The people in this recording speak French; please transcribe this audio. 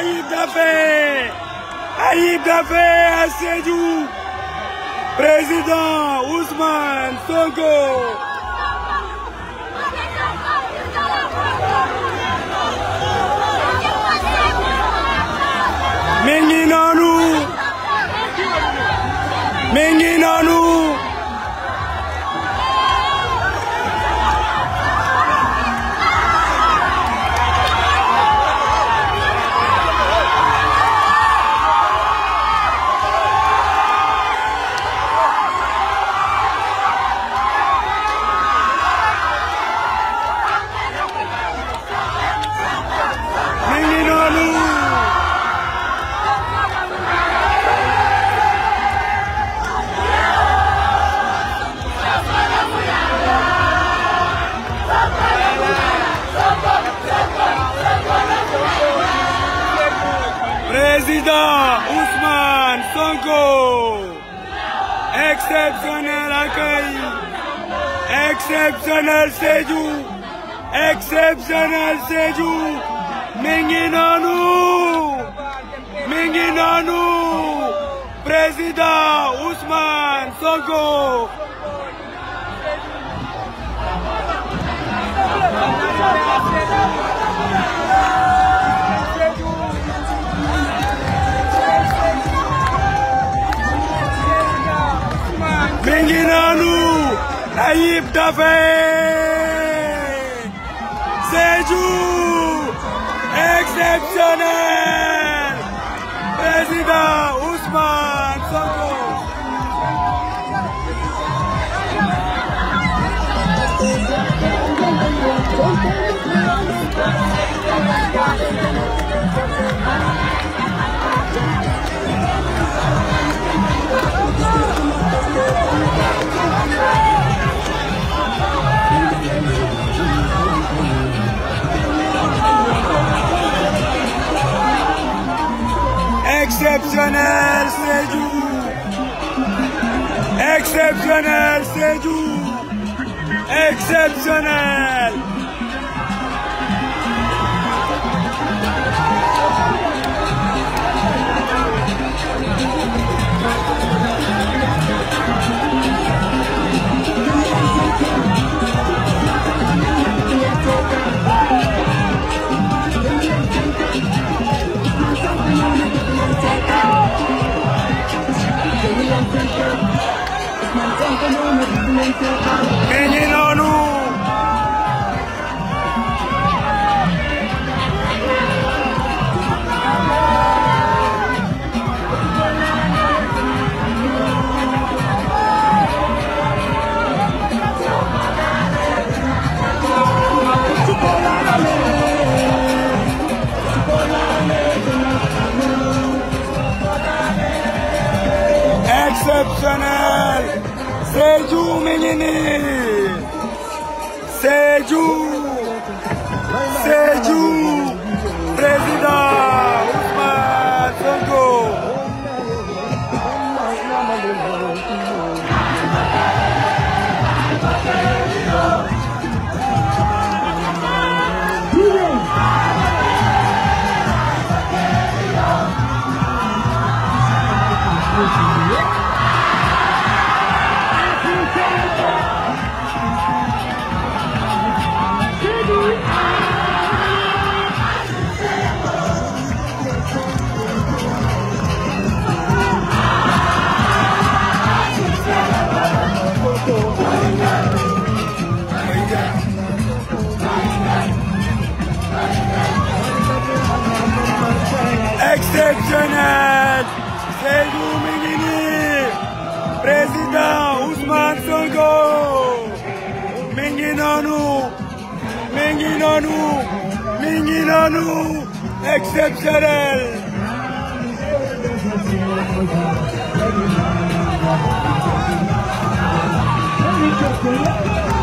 Ayib Daffé Ayib Daffé à Sédhiou président Ousmane Sonko Président Ousmane Sonko. Exceptionnel accueil. Exceptionnel Sédou. Exceptionnel Sédou. Mingi nonou. Président Ousmane Sonko. Thank you. Ayib Daffé c'est du exceptionnel Exceptionnel, c'est Exceptionnel, c'est Exceptionnel mais ñi noonu Seju, menine! Seju! Seju! Presidente! mingi nanu, mingi nanu, mingi nanu,